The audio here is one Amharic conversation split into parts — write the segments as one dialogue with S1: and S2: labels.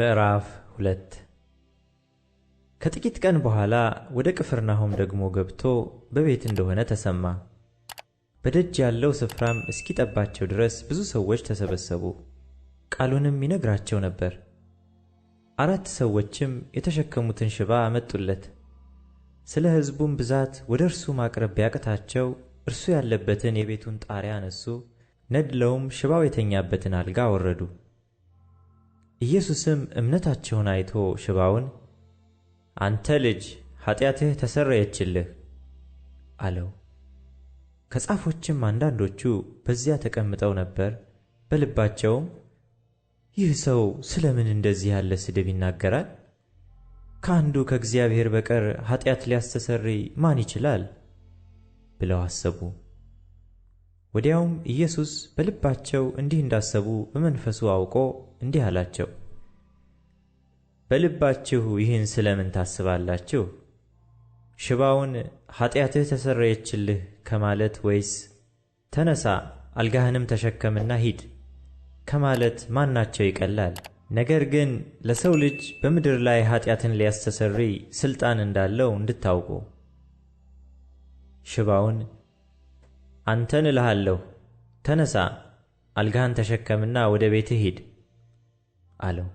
S1: ምዕራፍ ሁለት ከጥቂት ቀን በኋላ ወደ ቅፍርናሆም ደግሞ ገብቶ በቤት እንደሆነ ተሰማ። በደጅ ያለው ስፍራም እስኪጠባቸው ድረስ ብዙ ሰዎች ተሰበሰቡ፣ ቃሉንም ይነግራቸው ነበር። አራት ሰዎችም የተሸከሙትን ሽባ አመጡለት። ስለ ሕዝቡም ብዛት ወደ እርሱ ማቅረብ ቢያቅታቸው እርሱ ያለበትን የቤቱን ጣሪያ አነሱ፣ ነድለውም ሽባው የተኛበትን አልጋ አወረዱ። ኢየሱስም እምነታቸውን አይቶ ሽባውን አንተ ልጅ ኃጢአትህ ተሰረየችልህ አለው። ከጻፎችም አንዳንዶቹ በዚያ ተቀምጠው ነበር፣ በልባቸውም ይህ ሰው ስለ ምን እንደዚህ ያለ ስድብ ይናገራል? ከአንዱ ከእግዚአብሔር በቀር ኃጢአት ሊያስተሰርይ ማን ይችላል? ብለው አሰቡ። ወዲያውም ኢየሱስ በልባቸው እንዲህ እንዳሰቡ በመንፈሱ አውቆ እንዲህ አላቸው፣ በልባችሁ ይህን ስለምን ታስባላችሁ? ሽባውን ኃጢአትህ ተሰረየችልህ ከማለት ወይስ ተነሳ አልጋህንም ተሸከምና ሂድ ከማለት ማናቸው ይቀላል? ነገር ግን ለሰው ልጅ በምድር ላይ ኃጢአትን ሊያስተሰሪ ሥልጣን እንዳለው እንድታውቁ ሽባውን አንተን እልሃለሁ ተነሣ፣ አልጋህን ተሸከምና ወደ ቤትህ ሂድ አለው።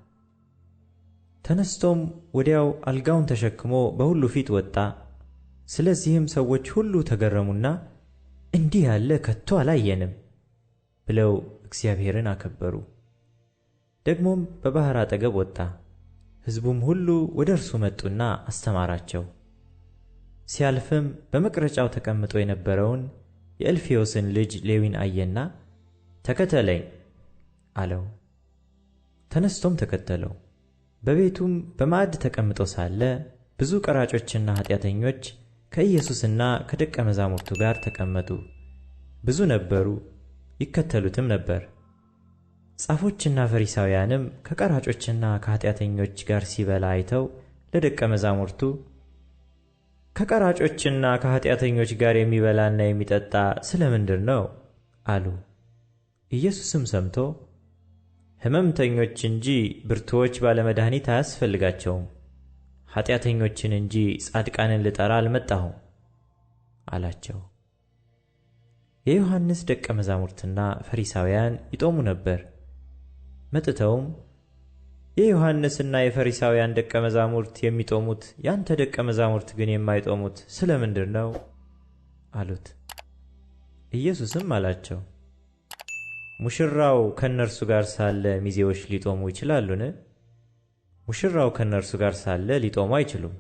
S1: ተነስቶም ወዲያው አልጋውን ተሸክሞ በሁሉ ፊት ወጣ። ስለዚህም ሰዎች ሁሉ ተገረሙና እንዲህ ያለ ከቶ አላየንም ብለው እግዚአብሔርን አከበሩ። ደግሞም በባሕር አጠገብ ወጣ። ሕዝቡም ሁሉ ወደ እርሱ መጡና አስተማራቸው። ሲያልፍም በመቅረጫው ተቀምጦ የነበረውን የእልፌዎስን ልጅ ሌዊን አየና ተከተለኝ አለው። ተነስቶም ተከተለው። በቤቱም በማዕድ ተቀምጦ ሳለ ብዙ ቀራጮችና ኃጢአተኞች ከኢየሱስና ከደቀ መዛሙርቱ ጋር ተቀመጡ። ብዙ ነበሩ፣ ይከተሉትም ነበር። ጻፎችና ፈሪሳውያንም ከቀራጮችና ከኃጢአተኞች ጋር ሲበላ አይተው ለደቀ መዛሙርቱ ከቀራጮችና ከኃጢአተኞች ጋር የሚበላና የሚጠጣ ስለ ምንድር ነው አሉ። ኢየሱስም ሰምቶ ሕመምተኞች እንጂ ብርቱዎች ባለመድኃኒት አያስፈልጋቸውም፣ ኃጢአተኞችን እንጂ ጻድቃንን ልጠራ አልመጣሁም አላቸው። የዮሐንስ ደቀ መዛሙርትና ፈሪሳውያን ይጦሙ ነበር። መጥተውም የዮሐንስና የፈሪሳውያን ደቀ መዛሙርት የሚጦሙት ያንተ ደቀ መዛሙርት ግን የማይጦሙት ስለ ምንድር ነው? አሉት። ኢየሱስም አላቸው፣ ሙሽራው ከእነርሱ ጋር ሳለ ሚዜዎች ሊጦሙ ይችላሉን? ሙሽራው ከእነርሱ ጋር ሳለ ሊጦሙ አይችሉም።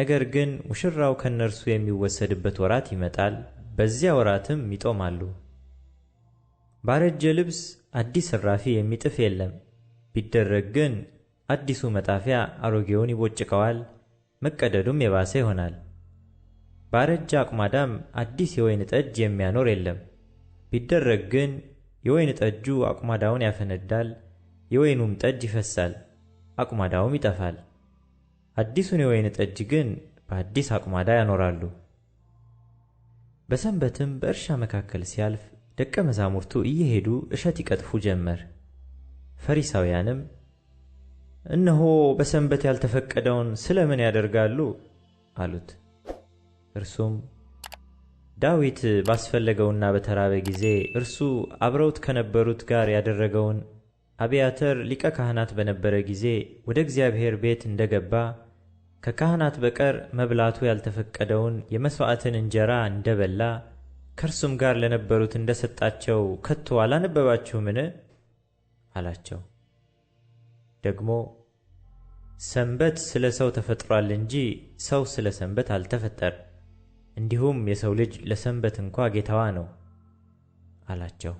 S1: ነገር ግን ሙሽራው ከእነርሱ የሚወሰድበት ወራት ይመጣል፣ በዚያ ወራትም ይጦማሉ። ባረጀ ልብስ አዲስ እራፊ የሚጥፍ የለም። ቢደረግ ግን አዲሱ መጣፊያ አሮጌውን ይቦጭቀዋል፣ መቀደዱም የባሰ ይሆናል። ባረጀ አቁማዳም አዲስ የወይን ጠጅ የሚያኖር የለም። ቢደረግ ግን የወይን ጠጁ አቁማዳውን ያፈነዳል፣ የወይኑም ጠጅ ይፈሳል፣ አቁማዳውም ይጠፋል። አዲሱን የወይን ጠጅ ግን በአዲስ አቁማዳ ያኖራሉ። በሰንበትም በእርሻ መካከል ሲያልፍ ደቀ መዛሙርቱ እየሄዱ እሸት ይቀጥፉ ጀመር። ፈሪሳውያንም እነሆ በሰንበት ያልተፈቀደውን ስለ ምን ያደርጋሉ? አሉት። እርሱም ዳዊት ባስፈለገውና በተራበ ጊዜ እርሱ አብረውት ከነበሩት ጋር ያደረገውን አብያተር ሊቀ ካህናት በነበረ ጊዜ ወደ እግዚአብሔር ቤት እንደገባ ከካህናት በቀር መብላቱ ያልተፈቀደውን የመሥዋዕትን እንጀራ እንደበላ ከእርሱም ጋር ለነበሩት እንደሰጣቸው ከቶ አላነበባችሁምን? አላቸው። ደግሞ ሰንበት ስለ ሰው ተፈጥሯል እንጂ ሰው ስለ ሰንበት አልተፈጠር። እንዲሁም የሰው ልጅ ለሰንበት እንኳ ጌታዋ ነው አላቸው።